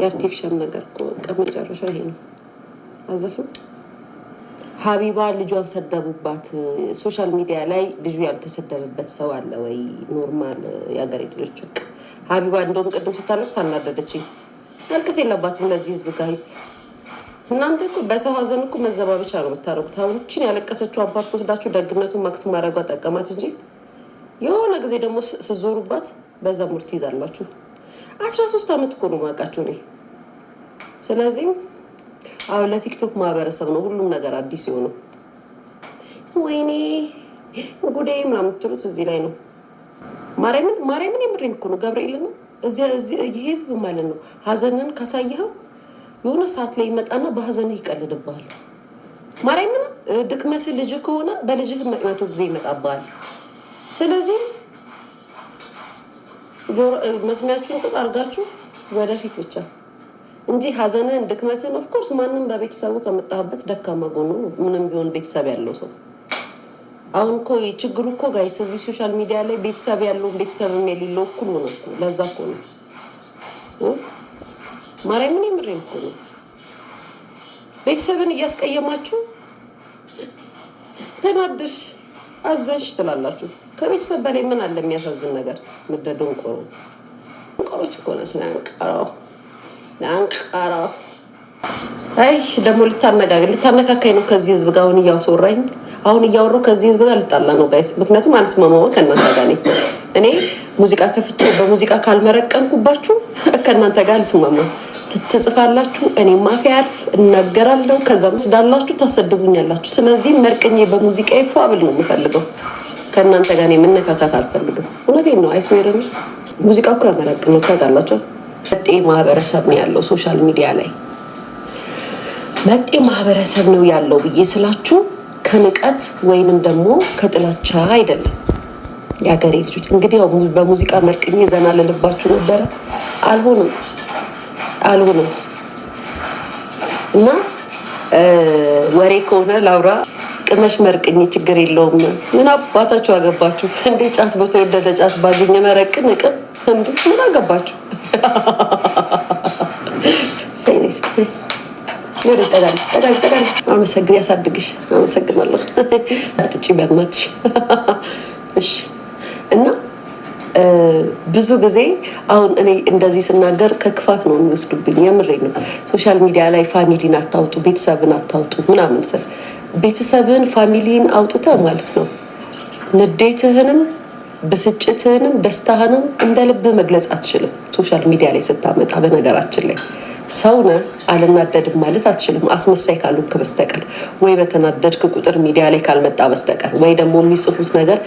የአርቲፊሻል ነገር በቃ ይሄ ነው። አዘፍም ሀቢባ ልጇን ሰደቡባት። ሶሻል ሚዲያ ላይ ልጁ ያልተሰደበበት ሰው አለ ወይ? ኖርማል የሀገሬ ልጆች በቃ ሀቢባ እንደውም ቅድም ስታለቅስ አናደደችኝ። መልቀስ የለባትም ለዚህ ህዝብ ጋይስ። እናንተ እኮ በሰው ሀዘን እኮ መዘባበቻ ነው የምታደርጉት። አሁን ያለቀሰችው አፓርት ወስዳችሁ ደግነቱን ማክስ ማድረጓ ጠቀማት እንጂ የሆነ ጊዜ ደግሞ ስዞሩባት በዛ ሙርት ይዛላችሁ። አስራ ሶስት ዓመት እኮ ነው የማውቃቸው እኔ። ስለዚህ አሁን ለቲክቶክ ማህበረሰብ ነው ሁሉም ነገር አዲስ የሆነው። ወይኔ ጉዴ ምናምን የምትሉት እዚህ ላይ ነው። ማርያምን ማርያምን የምሬን እኮ ነው ገብርኤል ነው ይሄ ህዝብ ማለት ነው። ሀዘንን ካሳየኸው የሆነ ሰዓት ላይ ይመጣና በሀዘንህ ይቀልድብሃል። ማርያምን ድክመትህ ልጅህ ከሆነ በልጅህ መቅመቱ ጊዜ ይመጣብሃል። ስለዚህ መስሚያችሁን ጥጥ አድርጋችሁ ወደፊት ብቻ እንጂ ሀዘንህን ድክመትን ኦፍኮርስ ማንም በቤተሰቡ ከመጣበት ደካማ ጎኑ ምንም ቢሆን ቤተሰብ ያለው ሰው አሁን እኮ ችግሩ እኮ ጋይስ እዚህ ሶሻል ሚዲያ ላይ ቤተሰብ ያለው ቤተሰብም የሌለው እኩል ሆነ እኮ። ለዛ እኮ ነው ማርያምን የምሬን እኮ ነው። ቤተሰብን እያስቀየማችሁ ተናድሽ አዛዥ ትላላችሁ። ከቤተሰብ በላይ ምን አለ? የሚያሳዝን ነገር ምደ ደንቆሮ ደንቆሮች እኮ ነች። ለአንቀራው ለአንቀራው አይ ደግሞ ልታነጋግር ልታነካካኝ ነው ከዚህ ህዝብ ጋር አሁን እያስወራኝ አሁን እያወራሁ ከዚህ ህዝብ ጋር ልጣላ ነው ጋይስ። ምክንያቱም አልስማማማ ከእናንተ ጋር እኔ ሙዚቃ ከፍቼ በሙዚቃ ካልመረቀንኩባችሁ ከእናንተ ጋር አልስማማ ትጽፋላችሁ፣ እኔ አፌ አያርፍ እናገራለሁ። ከዛም ስዳላችሁ ታሰድቡኛላችሁ። ስለዚህ መርቅኜ በሙዚቃ ይፎ አብል ነው የምፈልገው። ከእናንተ ጋር የምነካካት አልፈልግም። እውነቴን ነው። አይስሜር ሙዚቃ እኮ ያመረቅ ነው ታውቃላችሁ። መጤ ማህበረሰብ ነው ያለው ሶሻል ሚዲያ ላይ መጤ ማህበረሰብ ነው ያለው ብዬ ስላችሁ ከንቀት ወይንም ደግሞ ከጥላቻ አይደለም። የሀገሬ ልጆች እንግዲህ በሙዚቃ መርቅኝ ዘና ልልባችሁ ነበረ፣ አልሆንም። አልሆነም እና ወሬ ከሆነ ላውራ ቅመሽ መርቅኝ ችግር የለውም። ምን አባታችሁ አገባችሁ እንዴ? ጫት በተወደደ ጫት ባገኘ መረቅን ቅም እንዴ? ምን አገባችሁ? አመሰግን ያሳድግሽ። አመሰግናለሁ። አትጪ በእናትሽ። እሺ ብዙ ጊዜ አሁን እኔ እንደዚህ ስናገር ከክፋት ነው የሚወስዱብኝ። የምሬ ነው። ሶሻል ሚዲያ ላይ ፋሚሊን አታውጡ፣ ቤተሰብን አታውጡ ምናምን ስል ቤተሰብን ፋሚሊን አውጥተ ማለት ነው ንዴትህንም ብስጭትህንም ደስታህንም እንደ ልብ መግለጽ አትችልም ሶሻል ሚዲያ ላይ ስታመጣ በነገራችን ላይ ሰው ነህ አልናደድም ማለት አትችልም፣ አስመሳይ ካሉክ በስተቀር ወይ በተናደድክ ቁጥር ሚዲያ ላይ ካልመጣ በስተቀር ወይ ደግሞ የሚጽፉት ነገር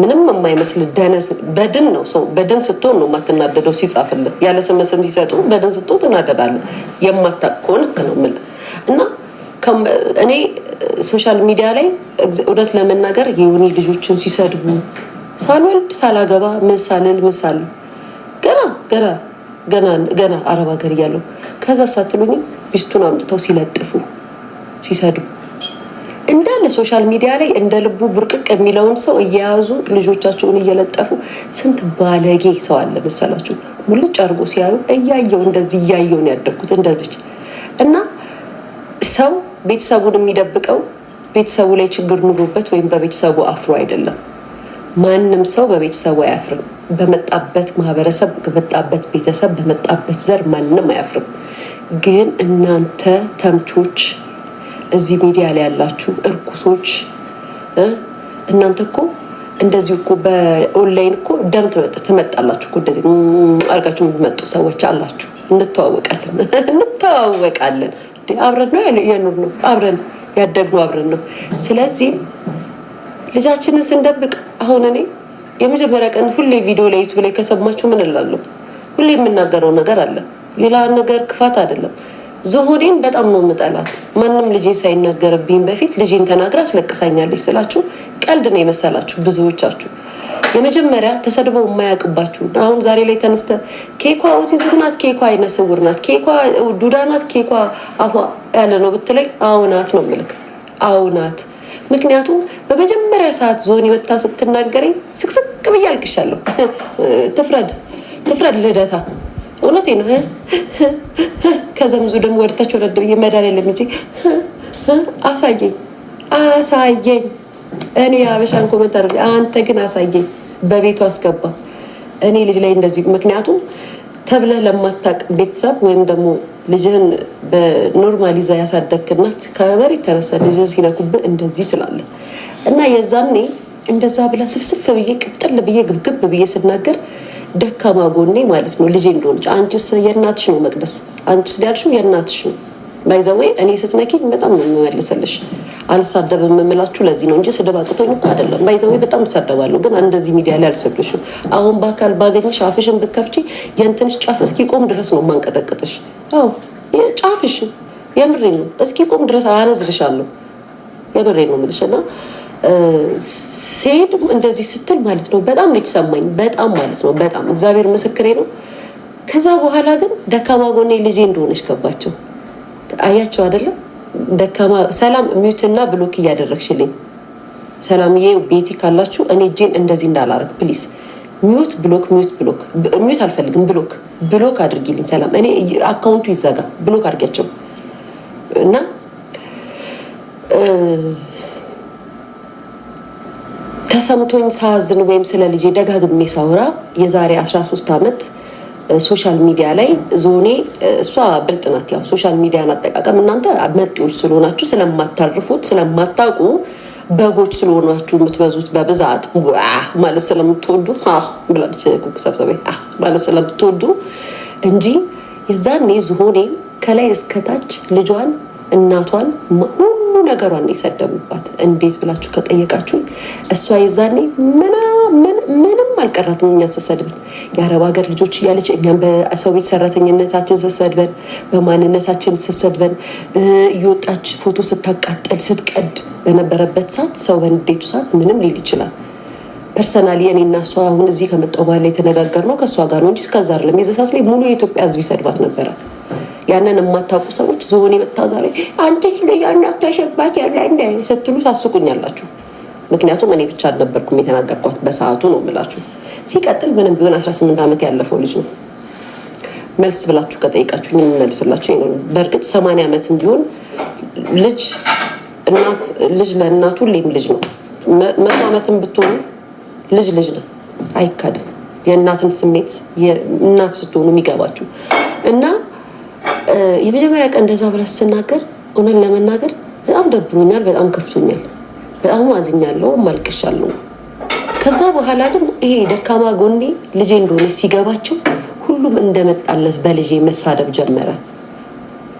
ምንም የማይመስል ደነስ በድን ነው። ሰው በድን ስትሆን ነው የማትናደደው። ሲጻፍልህ ያለ ስመስም ሲሰጡ በድን ስትሆን ትናደዳለህ። የማታቅ ከሆንክ ነው የምልህ እና እኔ ሶሻል ሚዲያ ላይ እውነት ለመናገር የሆኔ ልጆችን ሲሰድቡ ሳልወልድ ሳላገባ ምን ሳልል ምን ሳልል ገና ገና ገና ገና አረብ ሀገር እያለሁ ከዛ ሳትሉኝም ሚስቱን አምጥተው ሲለጥፉ ሲሰዱ እንዳለ ሶሻል ሚዲያ ላይ እንደ ልቡ ቡርቅቅ የሚለውን ሰው እየያዙ ልጆቻቸውን እየለጠፉ ስንት ባለጌ ሰው አለ መሰላችሁ። ሙልጭ አድርጎ ሲያዩ እያየው እንደዚህ እያየውን ያደግኩት እንደዚች እና ሰው ቤተሰቡን የሚደብቀው ቤተሰቡ ላይ ችግር ኑሮበት ወይም በቤተሰቡ አፍሮ አይደለም። ማንም ሰው በቤተሰቡ አያፍርም። በመጣበት ማህበረሰብ፣ በመጣበት ቤተሰብ፣ በመጣበት ዘር ማንም አያፍርም። ግን እናንተ ተምቾች፣ እዚህ ሚዲያ ላይ ያላችሁ እርኩሶች፣ እናንተ እኮ እንደዚሁ እኮ በኦንላይን እኮ ደም ትመጣላችሁ እኮ እንደዚህ አድርጋችሁ የምትመጡ ሰዎች አላችሁ። እንተዋወቃለን እንተዋወቃለን። አብረን ነው የኑር ነው አብረን ያደግነው አብረን ነው። ስለዚህ ልጃችንን ስንደብቅ አሁን እኔ የመጀመሪያ ቀን ሁሌ ቪዲዮ ላይ ዩቱብ ላይ ከሰማችሁ ምን እላለሁ? ሁሌ የምናገረው ነገር አለ። ሌላ ነገር ክፋት አይደለም። ዝሆኔን በጣም ነው የምጠላት። ማንም ልጄን ሳይናገርብኝ በፊት ልጄን ተናግራ አስለቅሳኛለች ስላችሁ ቀልድ ነው የመሰላችሁ ብዙዎቻችሁ። የመጀመሪያ ተሰድበው የማያውቅባችሁ አሁን ዛሬ ላይ ተነስተ ኬኳ ኦቲዝም ናት፣ ኬኳ አይነ ስውር ናት፣ ኬኳ ዱዳ ናት፣ ኬኳ አፏ ያለ ነው ብትለኝ አውናት ነው ምልክ አውናት። ምክንያቱም በመጀመሪያ ሰዓት ዞን የወጣ ስትናገረኝ ስቅስቅ ብዬ አልቅሻለሁ። ትፍረድ ትፍረድ ልደታ፣ እውነቴ ነው። ከዘምዙ ደግሞ ወደታች ወረድ ብዬ መድኃኒዓለም እንጂ አሳየኝ አሳየኝ። እኔ የሀበሻን ኮመንት አንተ ግን አሳየኝ። በቤቱ አስገባ እኔ ልጅ ላይ እንደዚህ ምክንያቱም ተብለህ ለማታቅ ቤተሰብ ወይም ደግሞ ልጅህን በኖርማል ይዛ ያሳደግክ እናት ከመሬት ተነሳ ልጅህን ሲነኩብህ እንደዚህ ትላለህ እና የዛኔ እንደዛ ብላ ስፍስፍ ብዬ ቅጥል ብዬ ግብግብ ብዬ ስናገር ደካማ ጎኔ ማለት ነው ልጄ እንደሆነች አንቺስ የእናትሽ ነው መቅደስ አንቺስ ሊያልሽው የእናትሽ ነው ባይዘዌ እኔ ስትነኪኝ በጣም ነው የምመልስልሽ። አልሳደብም የምላችሁ ለዚህ ነው እንጂ ስድብ አቅቶኝ እኮ አይደለም። ባይዘዌ በጣም እሳደባለሁ፣ ግን እንደዚህ ሚዲያ ላይ አልሰድብሽም። አሁን በአካል ባገኝሽ አፍሽን ብከፍቺ የእንትንሽ ጫፍ እስኪቆም ድረስ ነው ማንቀጠቅጥሽ። አዎ ጫፍሽ የምሬ ነው እስኪቆም ድረስ አያነዝርሻለሁ። የምሬ ነው የምልሽ እና ሲሄድ እንደዚህ ስትል ማለት ነው በጣም ልጅ ሰማኝ በጣም ማለት ነው በጣም እግዚአብሔር ምስክሬ ነው። ከዛ በኋላ ግን ደካማ ጎኔ ልጄ እንደሆነች ገባቸው። አያቸው አይደለም ደካማ ሰላም ሚዩትና ብሎክ እያደረግሽልኝ ሰላም ይሄ ቤቲ ካላችሁ እኔ እጄን እንደዚህ እንዳላረግ ፕሊስ ሚዩት ብሎክ ሚዩት ብሎክ ሚዩት አልፈልግም ብሎክ ብሎክ አድርጊልኝ ሰላም እኔ አካውንቱ ይዘጋ ብሎክ አድርጊያቸው እና ተሰምቶኝ ሳዝን ወይም ስለ ልጄ ደጋግሜ ሳውራ የዛሬ 13 ዓመት ሶሻል ሚዲያ ላይ ዞኔ እሷ ብልጥ ናት። ያው ሶሻል ሚዲያን አጠቃቀም እናንተ መጤዎች ስለሆናችሁ ስለማታርፉት ስለማታውቁ በጎች ስለሆናችሁ የምትበዙት በብዛት ማለት ስለምትወዱ ብላለች ሰብሰቤ ማለት ስለምትወዱ እንጂ የዛኔ ዝሆኔ ከላይ እስከታች ልጇን፣ እናቷን፣ ሁሉ ነገሯን የሰደቡባት እንዴት ብላችሁ ከጠየቃችሁ እሷ የዛኔ ምና ምንም አልቀራትም። እኛ ስትሰድበን የአረብ ሀገር ልጆች እያለች እኛም በሰው ቤት ሰራተኝነታችን ስትሰድበን፣ በማንነታችን ስትሰድበን፣ እየወጣች ፎቶ ስታቃጠል ስትቀድ በነበረበት ሰዓት ሰው በንዴቱ ሰዓት ምንም ሊል ይችላል። ፐርሰናሊ እኔ እና እሷ አሁን እዚህ ከመጣሁ በኋላ የተነጋገርነው ከእሷ ጋር ነው እንጂ እስከዛ አይደለም። የዛ ሰዓት ላይ ሙሉ የኢትዮጵያ ሕዝብ ይሰድባት ነበረ። ያንን የማታውቁ ሰዎች ዝሆን የመጣ ዛሬ አንተ ስለ ያናቷ ያለ እንደ ስትሉ ታስቁኛላችሁ። ምክንያቱም እኔ ብቻ አልነበርኩም የተናገርኳት በሰዓቱ ነው የምላችሁ። ሲቀጥል ምንም ቢሆን 18 ዓመት ያለፈው ልጅ ነው። መልስ ብላችሁ ከጠይቃችሁ የምመልስላችሁ ነው። በእርግጥ 80 ዓመት ቢሆን ልጅ እናት ልጅ ለእናቱ ሁሌም ልጅ ነው። መቶ ዓመትም ብትሆኑ ልጅ ልጅ ነው፣ አይካድም። የእናትን ስሜት እናት ስትሆኑ የሚገባችሁ እና የመጀመሪያ ቀን እንደዛ ብላ ስናገር እውነት ለመናገር በጣም ደብሮኛል፣ በጣም ከፍቶኛል። በጣም አዝኛለሁ፣ ማልቅሻለሁ። ከዛ በኋላ ደግሞ ይሄ ደካማ ጎኔ ልጄ እንደሆነ ሲገባቸው ሁሉም እንደመጣለት በልጄ መሳደብ ጀመረ።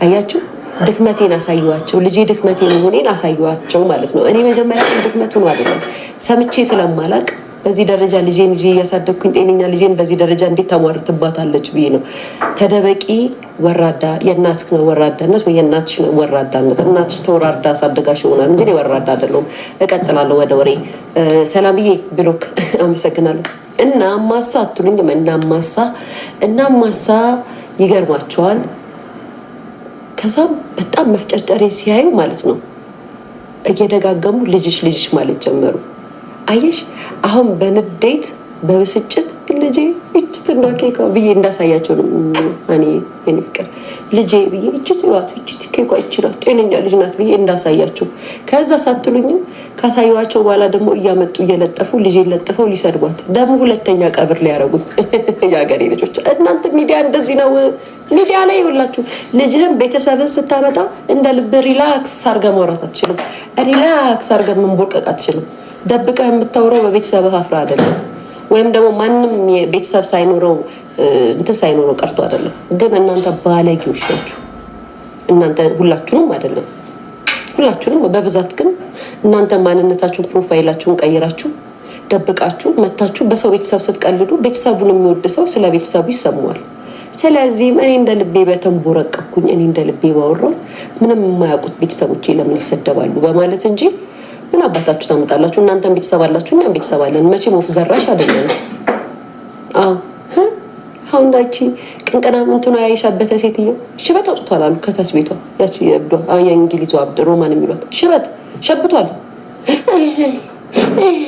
አያችሁ፣ ድክመቴን አሳየኋቸው። ልጄ ድክመቴን መሆኔን አሳየኋቸው ማለት ነው። እኔ መጀመሪያ ድክመቱን አይደለም ሰምቼ ስለማላቅ በዚህ ደረጃ ልጄን ይዤ እያሳደግኩኝ ጤነኛ ልጄን በዚህ ደረጃ እንዴት ታሟርትባታለች ብዬ ነው። ተደበቂ ወራዳ፣ የእናትህ ነው ወራዳነት ወይ የእናትሽ ነው ወራዳነት። እናትሽ ተወራርዳ አሳደጋሽ ይሆናል እንጂ ወራዳ አይደለሁም። እቀጥላለሁ ወደ ወሬ። ሰላምዬ ብሎክ አመሰግናለሁ። እና እናማሳ አትሉኝም? እና ማሳ ይገርማቸዋል። ከዛም በጣም መፍጨርጨሬ ሲያዩ ማለት ነው እየደጋገሙ ልጅሽ ልጅሽ ማለት ጀመሩ። አየሽ አሁን በንዴት በብስጭት ልጄ እጅት እና ኬኳ ብዬ እንዳሳያቸው ነው። እኔ ፍቅር ልጄ ብዬ እጅት ይሏት እጅት ኬኳ እች ጤነኛ ልጅ ናት ብዬ እንዳሳያቸው ከዛ ሳትሉኝም ካሳየኋቸው በኋላ ደግሞ እያመጡ እየለጠፉ ልጄ ለጥፈው ሊሰድቧት ደግሞ ሁለተኛ ቀብር ሊያረጉኝ የሀገሬ ልጆች። እናንተ ሚዲያ እንደዚህ ነው። ሚዲያ ላይ ይውላችሁ ልጅህን ቤተሰብን ስታመጣ እንደ ልብ ሪላክስ አርገ ማውራት አትችልም። ሪላክስ አርገ መንቦርቀቅ አትችልም። ደብቀህ የምታውረው በቤተሰብ አፍራ አይደለም፣ ወይም ደግሞ ማንም የቤተሰብ ሳይኖረው እንትን ሳይኖረው ቀርቶ አይደለም። ግን እናንተ ባለጌዎች ናችሁ። እናንተ ሁላችሁንም አይደለም፣ ሁላችሁንም በብዛት ግን እናንተ ማንነታችሁን ፕሮፋይላችሁን ቀይራችሁ ደብቃችሁ መታችሁ በሰው ቤተሰብ ስትቀልዱ ቤተሰቡን የሚወድ ሰው ስለ ቤተሰቡ ይሰማዋል። ስለዚህም እኔ እንደ ልቤ በተንቦረቀኩኝ እኔ እንደ ልቤ ባወራው ምንም የማያውቁት ቤተሰቦቼ ለምን ይሰደባሉ በማለት እንጂ ምን አባታችሁ ታመጣላችሁ? እናንተም ቤተሰብ አላችሁ፣ እኛም ቤተሰብ አለን። መቼም ወፍ ዘራሽ አይደለም። አዎ አሁን ዳቺ ቅንቅና ምንትኖ ያይሻበት ሴትዮ ሽበት አውጥቷል አሉ ከታች ቤቷ ያቺ እብዷ የእንግሊዟ አብድ ሮማን የሚሏት ሽበት ሸብቷል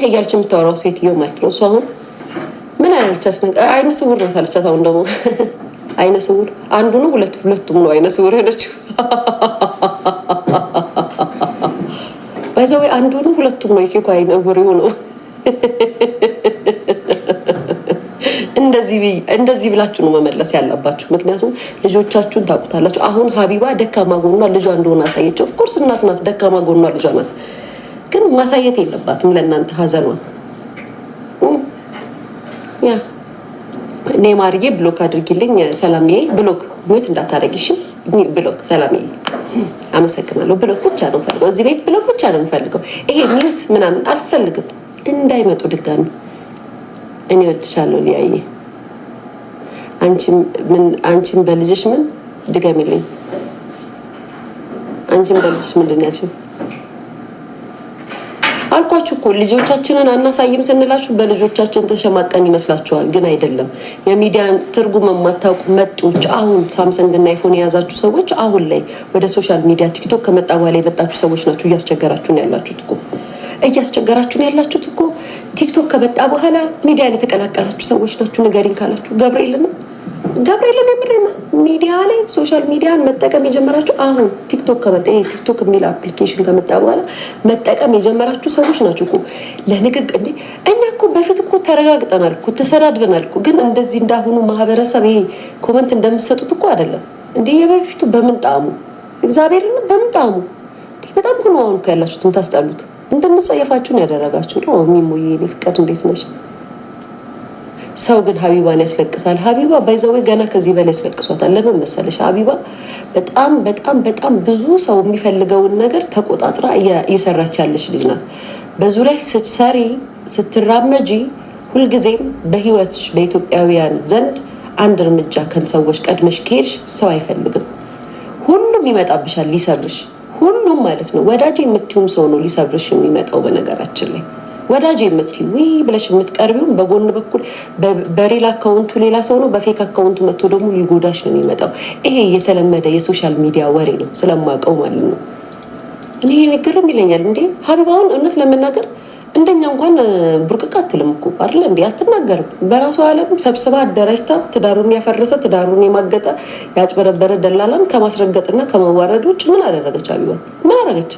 እያለች የምታወራው ሴትዮ ማለት ነው። እሱ አሁን ምን አላለቻት አይነ ስውር ናት አለቻት። አሁን ደግሞ አይነ ስውር አንዱ ነው ሁለቱም ነው አይነ ስውር የሆነችው። በዚያው አንዱ ነው ሁለቱም ነው ይኬኳይ ነውር ነው። እንደዚህ ብላችሁ ነው መመለስ ያለባችሁ። ምክንያቱም ልጆቻችሁን ታውቁታላችሁ። አሁን ሀቢባ ደካማ ጎኗ ልጇ እንደሆነ አሳየች። ኦፍኮርስ እናት ናት፣ ደካማ ጎኗ ልጇ ናት። ግን ማሳየት የለባትም ለእናንተ ሀዘኗን። ኔማርዬ ብሎክ አድርጊልኝ ሰላምዬ፣ ብሎክ ሚት እንዳታረጊ ብሎክ ሰላም አመሰግናለሁ። ብሎክ ብቻ ነው ፈልገው እዚህ ቤት ብሎክ ብቻ ነው የምፈልገው። ይሄ ሚዩት ምናምን አልፈልግም፣ እንዳይመጡ ድጋሚ። እኔ ወድሻለሁ ሊያየ አንቺም በልጅሽ ምን ድገሚልኝ። አንቺም በልጅሽ ምንድን ያልሽኝ አልኳችሁ እኮ ልጆቻችንን አናሳይም ስንላችሁ በልጆቻችን ተሸማቀን ይመስላችኋል፣ ግን አይደለም። የሚዲያ ትርጉም የማታውቁ መጤዎች፣ አሁን ሳምሰንግ እና አይፎን የያዛችሁ ሰዎች፣ አሁን ላይ ወደ ሶሻል ሚዲያ ቲክቶክ ከመጣ በኋላ የመጣችሁ ሰዎች ናችሁ። ነው ያላችሁት እኮ እያስቸገራችሁን ያላችሁት እኮ ቲክቶክ ከመጣ በኋላ ሚዲያን የተቀላቀላችሁ ሰዎች ናችሁ። ንገሪን ካላችሁ ገብርኤል ነው ገብርኤልን የምሬ ነው። ሚዲያ ላይ ሶሻል ሚዲያን መጠቀም የጀመራችሁ አሁን ቲክቶክ ከመጣ ቲክቶክ የሚል አፕሊኬሽን ከመጣ በኋላ መጠቀም የጀመራችሁ ሰዎች ናችሁ እኮ ለንግግ እ እኛ እኮ በፊት እኮ ተረጋግጠናል እኮ ተሰዳድበናል እኮ ግን እንደዚህ እንዳሁኑ ማህበረሰብ ይሄ ኮመንት እንደምትሰጡት እኮ አይደለም እንዴ። የበፊቱ በምን ጣሙ እግዚአብሔርን በምን ጣሙ በጣም ሁኑ አሁን እኮ ያላችሁት የምታስጠሉት እንደምጸየፋችሁን ያደረጋችሁ ነው። ሚሞዬ ፍቅር እንዴት ነሽ? ሰው ግን ሀቢባን ያስለቅሳል። ሀቢባ ባይዘወይ ገና ከዚህ በላይ ያስለቅሷታል። ለምን መሰለሽ? ሀቢባ በጣም በጣም በጣም ብዙ ሰው የሚፈልገውን ነገር ተቆጣጥራ እየሰራች ያለች ልጅ ናት። በዙሪያ ስትሰሪ ስትራመጂ፣ ሁልጊዜም በህይወትሽ በኢትዮጵያውያን ዘንድ አንድ እርምጃ ከሰዎች ቀድመሽ ከሄድሽ ሰው አይፈልግም። ሁሉም ይመጣብሻል ሊሰብርሽ፣ ሁሉም ማለት ነው። ወዳጅ የምትዩም ሰው ነው ሊሰብርሽ የሚመጣው በነገራችን ላይ ወዳጅ የምትይ ወይ ብለሽ የምትቀርቢውን በጎን በኩል በሌላ አካውንቱ ሌላ ሰው ነው፣ በፌክ አካውንቱ መጥቶ ደግሞ ሊጎዳሽ ነው የሚመጣው። ይሄ የተለመደ የሶሻል ሚዲያ ወሬ ነው ስለማውቀው ማለት ነው። እኔ ንግርም ይለኛል እንዴ አሁን እውነት ለመናገር እንደኛ እንኳን ቡርቅቅ አትልም እኮ አይደለ እንዴ? አትናገርም። በራሱ ዓለም ሰብስባ አደራጅታ ትዳሩን ያፈረሰ ትዳሩን የማገጠ ያጭበረበረ ደላላን ከማስረገጥና ከመዋረድ ውጭ ምን አደረገች? አቢባ ምን አደረገች?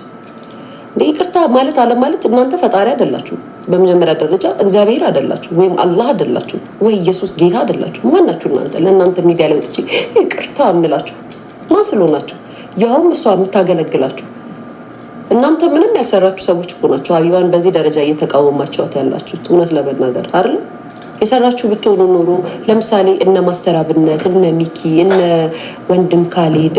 ይቅርታ ማለት አለ ማለት እናንተ ፈጣሪ አይደላችሁ። በመጀመሪያ ደረጃ እግዚአብሔር አይደላችሁ፣ ወይም አላህ አይደላችሁ፣ ወይ ኢየሱስ ጌታ አይደላችሁ። ማናችሁ እናንተ? ለእናንተ ሚዲያ ላይ ወጥቼ ይቅርታ እምላችሁ ማን ስለሆናችሁ? ያውም እሷ የምታገለግላችሁ እናንተ ምንም ያልሰራችሁ ሰዎች እኮ ናችሁ። ሀቢባን በዚህ ደረጃ እየተቃወማቸዋት ያላችሁት እውነት ለመናገር አይደለም። የሰራችሁ ብትሆኑ ኖሮ ለምሳሌ እነ ማስተር አብነት፣ እነ ሚኪ፣ እነ ወንድም ካሌድ፣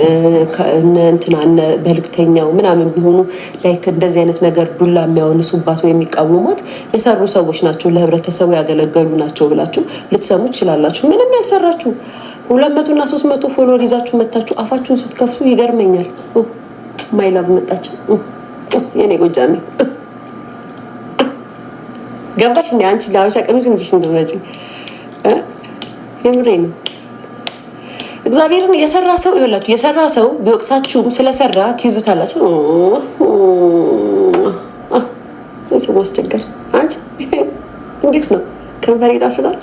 እነ እንትና እነ በልግተኛው ምናምን ቢሆኑ ላይክ እንደዚህ አይነት ነገር ዱላ የሚያወንሱባት ወይ የሚቃወሟት የሰሩ ሰዎች ናቸው፣ ለህብረተሰቡ ያገለገሉ ናቸው ብላችሁ ልትሰሙ ትችላላችሁ። ምንም ያልሰራችሁ ሁለት መቶ እና ሶስት መቶ ፎሎወር ይዛችሁ መታችሁ አፋችሁን ስትከፍቱ ይገርመኛል። ማይላቭ መጣች የኔ ጎጃሜ ገባሽ? እንደ አንቺ ለሀበሻ ቀሚስ እንዲሽ እንድመጪ የምሬ ነው። እግዚአብሔርን የሰራ ሰው ይወላችሁ፣ የሰራ ሰው ቢወቅሳችሁም ስለሰራ ትይዙታላችሁ። ስሙ አስቸገር። አንቺ እንዴት ነው ከንፈር ይጣፍጣል?